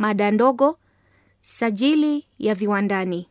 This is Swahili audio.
mada ndogo, sajili ya viwandani.